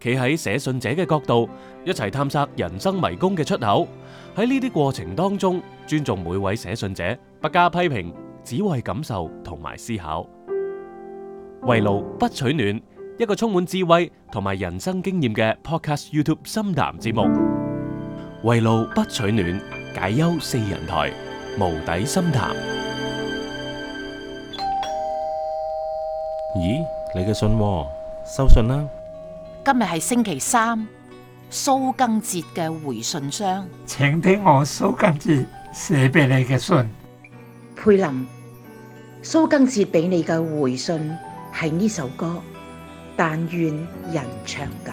企喺寫信者嘅角度，一齊探索人生迷宮嘅出口。喺呢啲過程當中，尊重每位寫信者，不加批評，只為感受同埋思考。為路不取暖，一個充滿智慧同埋人生經驗嘅 Podcast YouTube 深談節目。為路不取暖，解憂四人台無底深談。咦，你嘅信喎，收信啦。今日係星期三，蘇賡哲嘅回信箱，請聽我蘇賡哲寫俾你嘅信。佩林，蘇賡哲俾你嘅回信係呢首歌，但願人長久。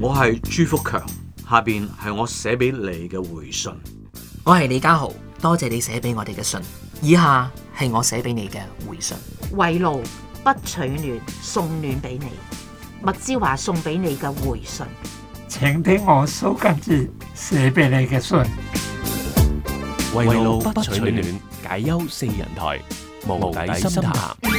我係朱福強，下邊係我寫俾你嘅回信。我係李家豪，多謝你寫俾我哋嘅信。以下係我寫俾你嘅回信。為老不取暖，送暖俾你。麥之華送俾你嘅回信。請聽我蘇賡哲寫俾你嘅信，為路不取暖，解憂四人台，無底深潭。